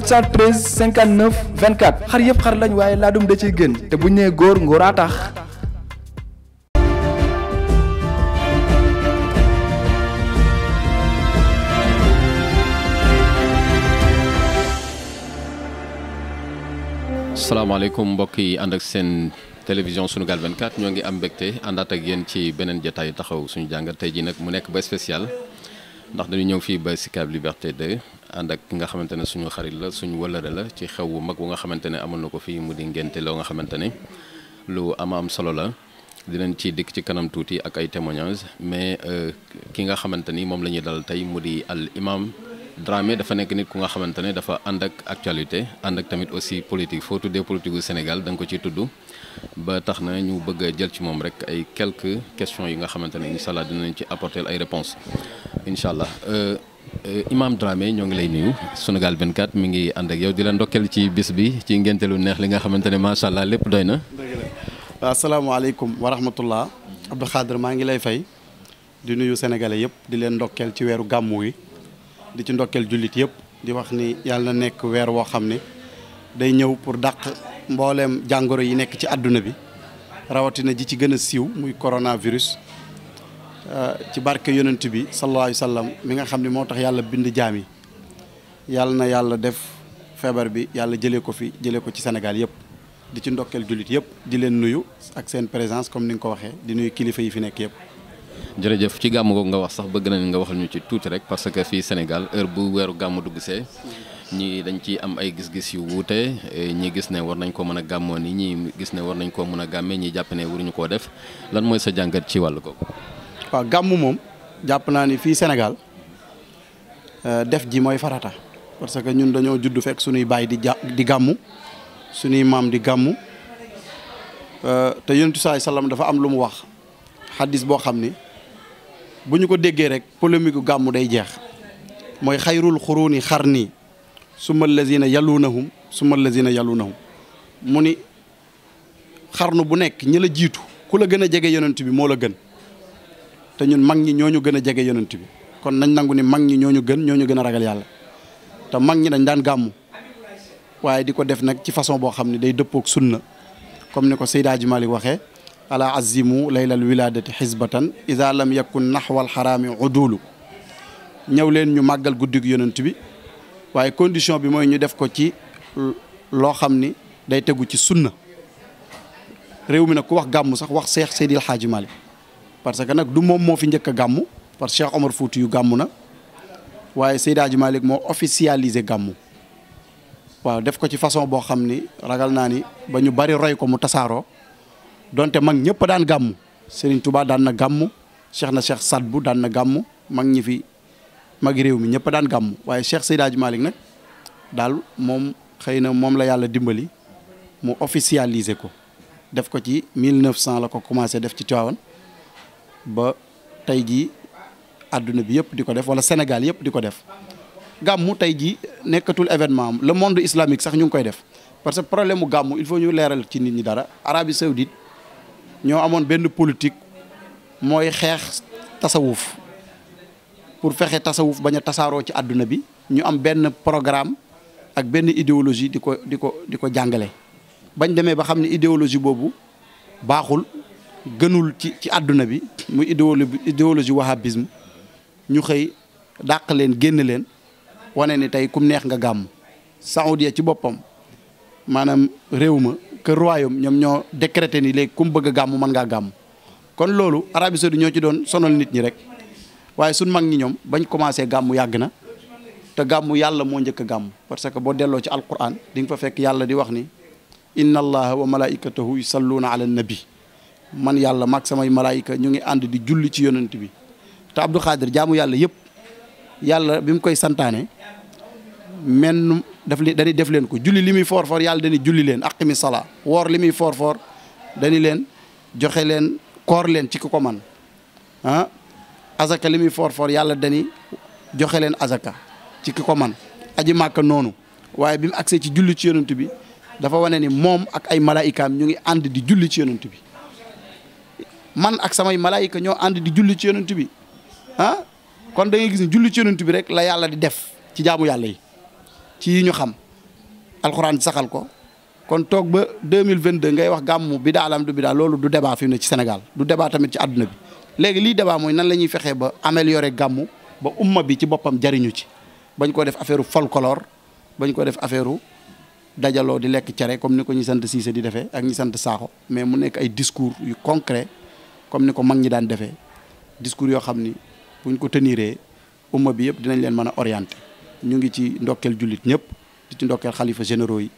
713 59 24 xar yëpp xar lañ waaye laadum da ciy gën te bu ñu nee góor ngóoraa tax. salaamaaleykum mbokk yi ànd ak seen télévision Sunugal 24 ñoo ngi am mbégte àndaat ak yéen ci beneen jotaayu taxaw suñu jàngat tey jii nag mu nekk ba spécial ndax dañu ñëw fii ba Sicap Liberté 2. ànd ak ki nga xamante ne suñu xarit la suñu wëllëre la ci xew wu mag bu nga xamante ne amoon na ko fii mu di ngénte loo nga xamante ne lu ama am solo la dinañ ci dikk ci kanam tuuti ak ay témoignages mais euh, ki nga xamante ni moom la ñuy dal tey mu di al imam Dramé dafa nekk nit ku nga xamante ne dafa ànd ak actualité ànd ak tamit aussi politique foo tuddee politique gu Sénégal danga ko ci tudd ba tax na ñu bëgg a jël ci moom rek ay quelques question yi nga xamante ne incha allah dinañ ci apporter ay réponses incha allah. Euh, Euh, Imam Dramé ñoo ngi lay nuyu Sunugal 24 mi ngi ànd ak yow di la ndokkeel ci bis bi ci ngénte lu neex li nga xamante ne macha allah lépp doy na. waaw asalaamaaleykum wa rahmatullah Abdou maa ngi lay fay di nuyu sénégalais yëpp di leen ndokkeel ci weeru gàmmu wi di ci ndokkeel jullit yëpp di wax ni yàlla na nekk weer woo xam ne day ñëw pour dàq mbooleem jàngoro yi nekk ci àdduna bi rawatina ji ci gën a siiw muy coronavirus. ci barke yonent bi sallallahu alayhi wa sallam mi nga xam ne moo tax yàlla bind jaam yi yàlla na yàlla def feebar bi yàlla jëlee ko fi jëlee ko ci Sénégal yëpp di ci ndokkeel jullit yëpp di leen nuyu ak seen présence comme ni nga ko waxee di nuy kilifa yi fi nekk yëpp. jërëjëf ci gàmm googu nga wax sax bëgg nañ nga waxal ñu ci tuuti rek parce que fii Sénégal heure bu weeru gàmm dugg see ñii dañ ci am ay gis-gis yu wuute ñi gis ne war nañ ko mën a gàmmoon yi ñi gis ne war nañ koo mën a gàmmee ñi jàpp ne waruñu koo def lan mooy sa jàngat ci wàllu googu. waaw gàmmu moom jàpp naa ni fii Sénégal euh, def ji mooy farata parce que ñun dañoo judd fekk suñuy baay di ja di gàmmu suñuy maam di gàmmu euh, te yonent bi sallam dafa am lu mu wax xaddis boo xam ni bu ñu ko déggee rek polémique gàmmu day jeex mooy xayrul xuruuni xarni summa allazina yalunahum summa allazina yalunahum mu ni xarnu bu nekk ñi la jiitu ku la gën a jege yonent bi moo la gën te ñun mag ñi ñoo ñu gën a jege yonent bi kon nañ nangu ni mag ñi ñoo ñu gën ñoo ñu gën a ragal yàlla te mag ñi dañ daan gàmmu waaye di ko def nag ci façon boo xam ne day dëppook sunna comme ni ko Seyda Hadji Malick waxee ala azimu laylal wiladati xisbatan ida lam yakun naxwal xaraami udulu ñëw leen ñu màggal guddig yonent bi waaye condition bi mooy ñu def ko ci loo xam ni day tegu ci sunna réew mi nag ku wax gàmmu sax wax seex Seydil Hadji Malick parce que nag du moom moo fi njëkk a gàmmu parce que Cheikh Omar Fouti yu gàmmu na waaye Seydi Hadji Malick moo officialisé gàmmu waaw def ko ci façon boo xam ni ragal naa ni ba ñu bari roy ko mu tasaaroo donte mag ñëpp daan gàmmu Serigne Touba daan na gàmmu Cheikh na sat bu daan na gàmmu mag ñi fi mag réew mi ñëpp daan gàmmu waaye Cheikh Seydi Hadji Malick nag daal moom xëy na moom la yàlla dimbali mu officialisé ko def ko ci 1900 la ko commencé def ci Tivaouane ba tey jii àdduna bi yëpp di ko def wala Sénégal yëpp di ko def gàmmu tey jii nekkatul événement am le monde islamique sax ñu ngi koy def parce que problème mu gàmmu il faut ñu leeral ci nit ñi dara Arabie Saoudite ñoo amoon benn politique mooy xeex tasawuf pour fexe tasawuf bañ a tasaaroo ci àdduna bi ñu am benn programme ak benn idéologie di ko di ko di ko jàngale bañ demee ba xam ne idéologie boobu baaxul gënul ci ci àdduna bi muy idéologie idéologie wahhabisme ñu xëy dàq leen génn leen wane ni tey kum neex nga gàmm saoudia ci boppam maanaam réew ma que royaume ñoom ñoo décrété ni léegi kum bëgg gàmm mën ngaa gàmm kon loolu Arabie Saoudite ñoo ci doon sonal nit ñi rek waaye suñ mag ñi ñoom bañ commencé gàmmu yàgg na te gàmmu yàlla moo njëkk a gàmm parce que boo delloo ci alquran di nga fa fekk yàlla di wax ni inna allaha wa malaikatahu yusalluna ala nabi man yàlla mag samay malaayika ñu ngi ànd di julli ci yonent bi te Abdou Khadir jaamu yàlla yëpp yàlla bi mu koy santaane menn daf li dañuy def leen ko julli li muy foor foor yàlla dañuy julli leen aqimi salaa woor li muy foor foor leen joxe leen koor ci ku man ah azaka muy foor yàlla dañuy joxe leen azaka ci ki ko man aji màkka noonu waaye bi mu agsee ci julli ci yonent bi dafa wane ni moom ak ay malaayikaam ñu ngi ànd di julli ci yonent bi man ak samay malaayika ñoo ànd di julli ci yonent bi ah kon da gis ne julli ci yonent bi rek la yàlla di def ci jaamu yàlla yi ci yi ñu xam alxuraan saxal ko kon toog ba deux mille vingt deux ngay wax gàmmu bi daalam du bi daal loolu du débat fi ne ci Sénégal du débat tamit ci àdduna bi léegi lii débat mooy nan la ñuy fexee ba améliorer gàmmu ba umma bi ci boppam jariñu ci bañ koo def affaire folklore bañ ko def affaire dajaloo di lekk cere comme ni ko ñi sant Cissé di defee ak ñi sant Sakho mais mu nekk ay discours yu concret comme ni ko mag ñi daan defee discours yoo xam ni buñ ko teniree umma bi yëpp dinañ leen mën a orienté ñu ngi ci ndokkeel jullit ñëpp di ci ndokkeel xalifa généraux yi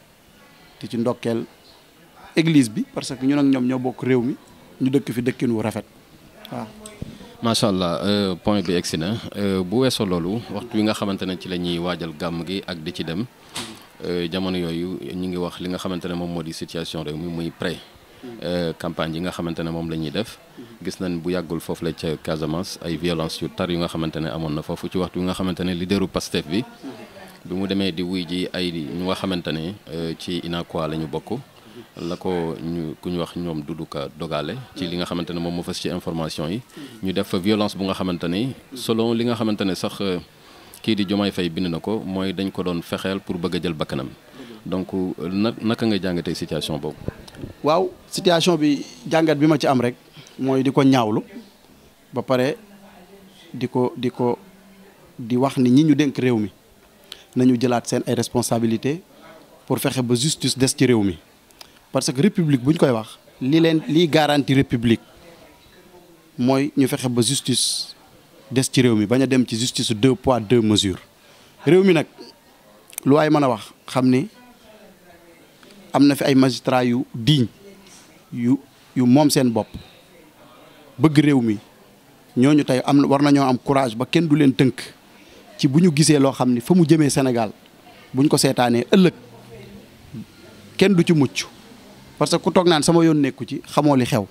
di ci ndokkeel église bi parce que ñu nag ñoom ñoo bokk réew mi ñu dëkk fi dëkkin wu rafet waaw. macha allah euh, point bi egsi na euh, bu weesoo loolu waxtu wi nga xamante ne ci la ñuy waajal gàmm gi ak di ci dem euh, jamono yooyu ñu ngi wax li nga xamante ne moom moo di situation réew mi muy pré Euh, campagne yi nga xamante ne moom la ñuy def gis nañ bu yàggul foofu la ca Casamance ay violence yu tar yu nga xamante ne amoon na foofu ci waxtu yu nga xamante ne leaderu Pastef bi bi mu demee di wuy ji ay ñu nga xamante ne euh, ci Unacois la ñu bokk la ko ñu ku ñu wax ñoom duduka dogale ci li nga xamante ne moom moo fës ci information yi ñu def fa violence bu nga xamante ni selon li nga xamante ne sax euh, kii di Diomaye fay bind na ko mooy dañ ko doon fexeel pour bëgg a jël bakkanam donc na naka nga jàngatee situation boobu waaw situation bi jàngat bi ma ci am rek mooy di ko ñaawlu ba pare di ko di ko di wax ni ñi ñu dénk réew mi nañu jëlaat seen ay responsabilité pour fexe ba justice des ci réew mi parce que république bu ñu koy wax li leen lii garantie république mooy ñu fexe ba justice des ci réew mi bañ a dem ci justice deux poids deux mesures réew mi nag lu waay mën a wax xam ni am na fi ay magistrats yu digne yu yu moom seen bopp bëgg réew mi ñooñu tey am war nañoo am courage ba kenn du leen tënk ci bu ñu gisee loo xam ni fa mu jëmee Sénégal buñ ko seetaanee ëllëg kenn du ci mucc parce que ku toog naan sama yoon nekku ci xamoo li xew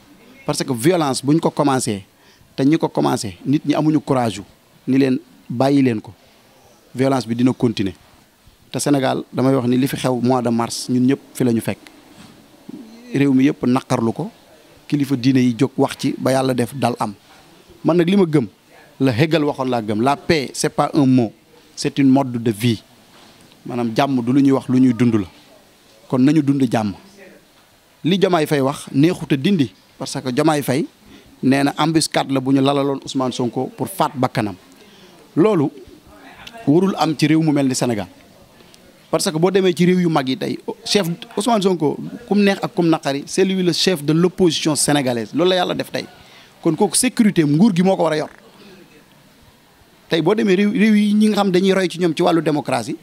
parce que violence buñ ko commencé te ñi ko commencé nit ñi amuñu courage yu ni leen bàyyi leen ko violence bi dina continuer te Sénégal damay wax ni li fi xew mois de mars ñun ñëpp fi lañu fekk réew mi yëpp naqarlu ko kilifa diine yi jóg wax ci ba yàlla def dal am man nag li ma gëm la Hegel waxoon laa gëm la paix c'est pas un mot c'est une mode de vie maanaam jàmm du lu ñuy wax lu ñuy dund la kon nañu dund jàmm li Diomaye fay wax neexut a dindi parce que jamaay fay nee na embuscade la bu ñu lalaloon Ousmane Sonko pour faat bakkanam loolu warul am ci réew mu mel ni senegal parce que boo demee ci réew yu mag yi tey chef Ousmane Sonko kum neex ak kum naqari c'est lui le chef de l'opposition sénégalaise loolu la yàlla def tey kon kooku sécurité nguur gi moo ko war a yor tey boo demee réew réew yi ñi nga xam dañuy roy ci ñoom ci wàllu démocratie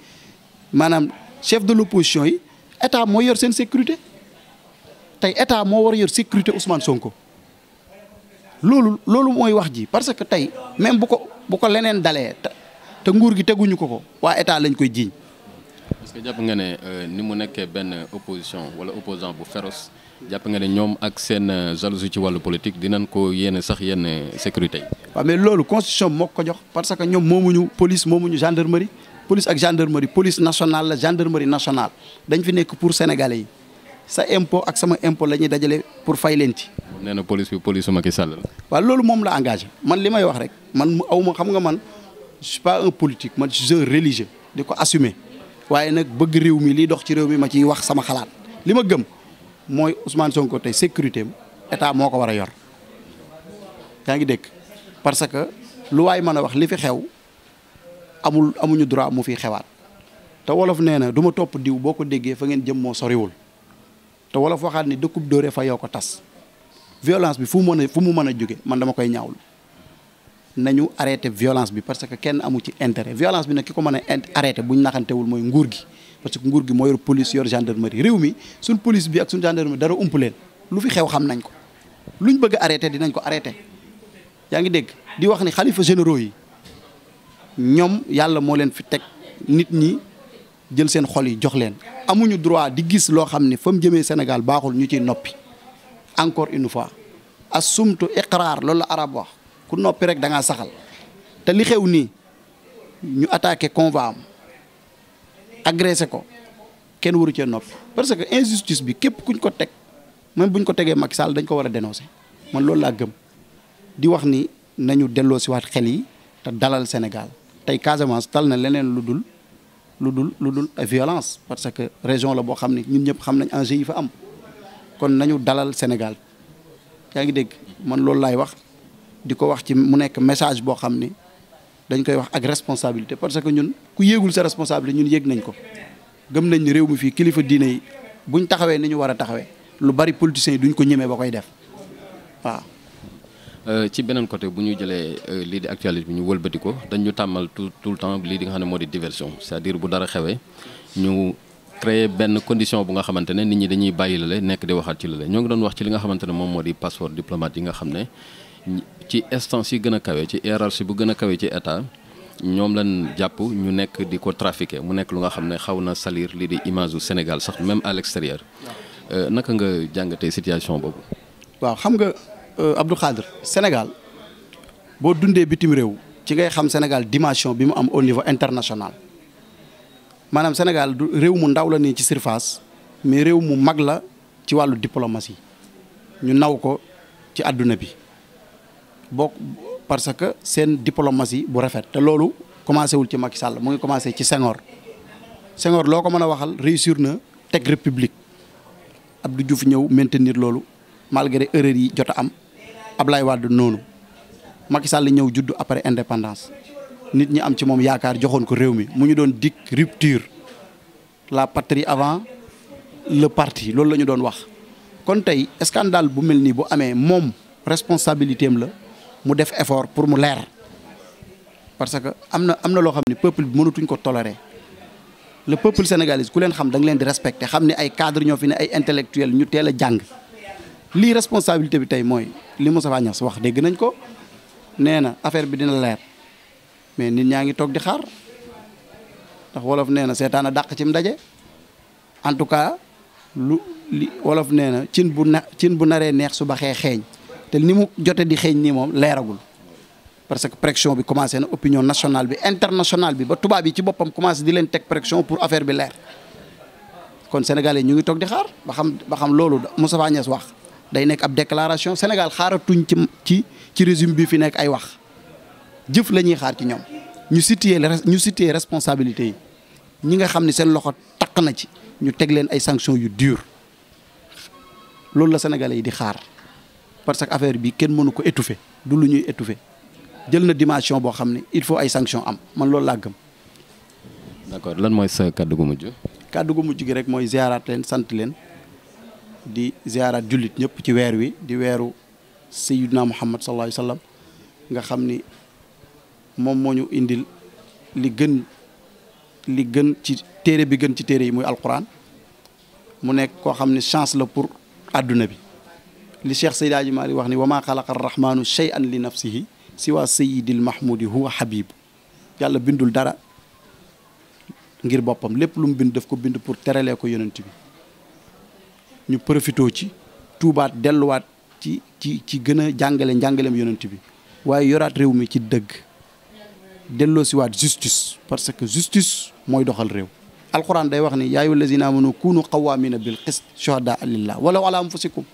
maanaam chef de l'opposition yi état moo yor seen sécurité tey état moo war a yor sécurité Ousmane Sonko loolu loolu mooy wax ji parce que tey même bu ko bu ko leneen dalee te nguur gi teguñu ko ko waa état lañ koy jiiñ est que jàpp nga ne euh, ni mu nekkee benn opposition wala opposant bu féroce jàpp nga ne ñoom ak seen euh, jalousie ci wàllu politique dinañ ko yenn sax yenn sécurité yi. waaw mais loolu constitution moo ko jox parce que ñoom moomuñu police moomuñu gendarmerie police ak gendarmerie police nationale la gendarmerie nationale dañ fi nekk pour sénégalais yi sa impôt ak sama impôt la ñuy dajale pour fay leen ci. nee na police bi police Macky Sall la. waaw loolu moom la engagé man li may wax rek man aw ma xam nga man je suis pas un politique man di ko assumer. waaye nag bëgg réew mi lii dox ci réew mi ma ciy wax sama xalaat li ma gëm mooy Ousmane Sonko tey sécurité am état moo ko war a yor yaa ngi dégg parce que lu waay mën a wax li fi xew amul amuñu droit mu fi xewaat te wolof nee na duma ma topp diw boo ko déggee fa ngeen jëm moo soriwul te wolof waxaat ni dëkkub dóore fa yow ko tas violence bi fu mu mën a mu mën a jóge man dama koy ñaawul nañu arrêté violence bi parce que kenn amu ci intérêt violence bi na ki ko mën a arrêté bu ñu naxantewul mooy nguur gi parce que nguur gi moo yor police yor gendarmerie réew mi suñ police bi ak suñ gendarmerie dara ump leen lu fi xew xam nañ ko luñ bëgg arrêté dinañ ko yaa ngi dégg di wax ni xalifa généraux yi ñoom yàlla moo leen fi teg nit ñi jël seen xol yi jox leen amuñu droit di gis loo xam ni fa mu jëmee Sénégal baaxul ñu ciy noppi encore une fois asumtu iqraar loolu la arab wax ku noppi rek da saxal te li xew nii ñu attaqué convoi am agressé ko kenn waru cee noppi parce que injustice bi képp kuñ ko teg même buñ ko tegee mag Sall dañ ko war a dénoncer man loolu laa gëm di wax ni nañu delloo si waat xel yi te dalal Sénégal tey Casamance tal na leneen lu dul lu dul lu dul violence parce que région la boo xam ne ñun ñëpp xam nañ enjeu yi fa am kon nañu dalal Sénégal yaa ngi dégg man loolu laay wax di ko wax ci mu nekk message boo xam ni dañ koy wax ak responsabilité parce que ñun ku yéegul sa responsabilité ñun yéeg nañ ko gëm nañ ni réew mi fii kilifa diine yi buñ taxawee ni ñu war a taxawee lu bari politiciens yi duñ ko ñemee ba koy def waaw. Euh, ci beneen côté ñu jëlee euh, lii di actualité bi ñu wëlbati ko dañ ñu tàmmal tout tout le temps lii di nga xam ne moo di diversion c'est-à-dire benn condition bu nga xamante ne nit ñi dañuy bàyyi la le nekk di waxaat ci la le ñoo ngi doon wax ci li nga xamante ne moom moo di passeport diplomate yi nga xam ne. ci instance yi gën a kawe ci hiérarchie bu gën a kawe ci état ñoom lañ jàpp ñu nekk di ko trafiquer mu nekk lu nga xam ne xaw na salir lii di image u Sénégal sax même à l'extérieur euh, naka nga jàngatee situation boobu. waaw xam nga euh, Abdou Khadre Sénégal boo dundee bitim réew ci ngay xam Sénégal dimension bi mu am au niveau international maanaam Sénégal du réew mu ndaw la nii ci surface mais réew mu mag la ci wàllu diplomatie ñu naw ko ci àdduna bi. book parce que seen diplomatie bu rafet te loolu commencé wul ci Macky Sall mu ngi commencé ci Senghor Senghor loo ko mën a waxal réussir na teg république du Diouf ñëw maintenir loolu malgré erreur yi jot a am Ablaye Wade noonu Macky Sall ñëw juddu après indépendance nit ñi am ci moom yaakaar joxoon ko réew mi mu ñu doon dik rupture la patrie avant le parti loolu la ñu doon wax kon tey scandale bu mel nii bu amee moom responsabilité am la mu def effort pour mu leer parce que am na am na loo xam ne peuple bi mënatuñ ko tolérer le peuple sénégalais ku leen xam da leen di respecté xam ne ay cadre ñoo fi ne ay intellectuel ñu teel a jàng lii responsabilité bi tey mooy li Moustapha Niasse wax dégg nañ ko nee na affaire bi dina leer mais nit ñaa ngi toog di xar ndax wolof nee na seetaan a dàq cim ndaje en tout cas lu li wolof nee na cin bu cin bu naree neex su baxee xeeñ te ni mu jotee di xeeñ nii moom leeragul parce que pression bi commencé na opinion nationale bi internationale bi ba tubaab yi ci boppam commencé di leen teg pression pour affaire bi leer kon sénégalais ñu ngi toog di xaar ba xam loolu xam loolu Moustapha Niasse wax day nekk ab déclaration Sénégal xaaratuñ ci ci ci régime bi fi nekk ay wax jëf la ñuy xaar ci ñoom ñu situer ñu situer responsabilité yi ñi nga xam ni seen loxo taq na ci ñu teg leen ay sanctions yu dur loolu la sénégalais yi di xaar. parce que affaire bii kenn mënu ko étouffer du lu ñuy étouffer jël na dimension boo xam ne il faut ay sanction am man lool laa gëm. d'accord lan mooy sa kàddu gu mujj. kàddu gu mujj gi rek mooy ziaraat leen sant leen di ziaraat jullit ñëpp ci weer wi di weeru sayyidina Muhammad sa alayhi wa nga xam ni moom moo ñu indil li gën li gën ci téere bi gën ci téere yi muy alquran mu nekk koo xam ne chance la pour àdduna bi. li cheikh Seydi Aji Maalik wax ni wa maa xalaqa arrahmaanu shay'an li nafsihi siwa sayidil mahmudi huwa habib yàlla bindul dara ngir boppam lépp lu mu bind daf ko bind pour teralee ko yonent bi ñu profité ci tuubaat delluwaat ci ci ci gën a jàngale njàngaleem yonent bi waaye yoraat réew mi ci dëgg siwaat justice parce que justice mooy doxal réew alquran day wax ni yaa ayyuhallazina amanu kunu qawwamina bil qist shuhada lillah walaw ala ko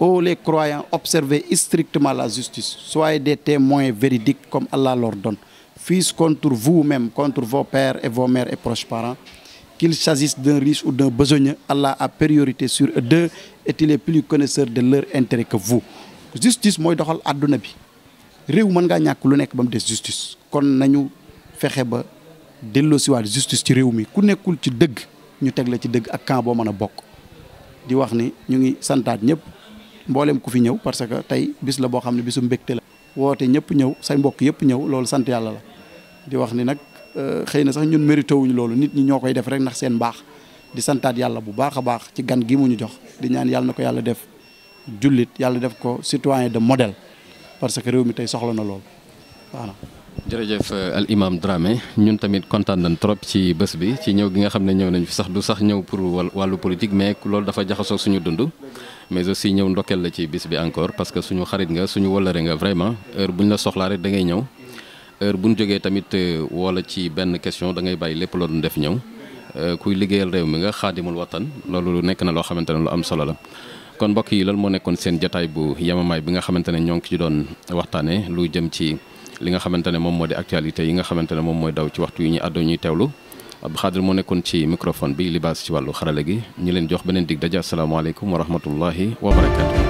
ô oh, les croyants, observez strictement la justice. Soyez des témoins véridiques comme Allah l'ordonne. Fils contre vous-même, contre vos pères et vos mères et proches parents, qu'il s'agisse d'un riche ou d'un besogneux, Allah a priorité sur eux deux et plus connaisseur de leur intérêt que vous. justice mooy doxal àdduna bi réew mën nga ñàkk lu nekk ba mu des justice kon nañu fexe ba delloosiwaat justice ci réew mi ku nekkul ci dëgg ñu teg la ci dëgg ak camp boo mën a bokk di wax ni ñu ngi santaat ñëpp. mboolem ku fi ñëw parce que tey bis la boo xam ne bisu mbégte la woote ñëpp ñëw say mbokk yëpp ñëw loolu sant yàlla la di wax ni nag euh, xëy na sax ñun mérité wuñu loolu nit ñi ñoo koy def rek ndax seen baax di santaat yàlla bu baax a baax ci gan gi mu ñu jox di ñaan yàlla na ko yàlla def jullit yàlla def ko citoyen de modèle parce que réew mi tey soxla na loolu voilà. jërëjëf euh, al imam Dramé ñun tamit kontaan nañ trop ci bés bi ci ñëw gi nga xam ne ñëw nañ fi sax du sax ñëw pour wàllu politique mais loolu dafa jaxasoo suñu dund. mais aussi ñëw ndokkeel la ci bis bi encore parce que suñu xarit nga suñu wëllare nga vraiment heure bu ñu la soxlaa rek da ñëw heure bu ñu jógee tamit euh, wala ci benn question dangay ngay bàyyi lépp loo def ñëw euh, kuy liggéeyal réew mi nga xaadimul wattan loolu lu nekk na loo xamante ne lu am solo la. kon mbokk yi loolu moo nekkoon seen jataay bu yemamaay bi nga xamante ne ñoo ngi ci doon waxtaanee lu jëm ci li nga xamante ne moom moo di actualité yi nga xamante ne moom mooy daw ci waxtu yi ñuy àddoo ñuy teewlu. ab Khadre moo nekkoon ci microphone bi libaas ci wàllu xarala gi ñu leen jox beneen dig daje asalaamaaleykum wa rahmatullahi wa barakaatu.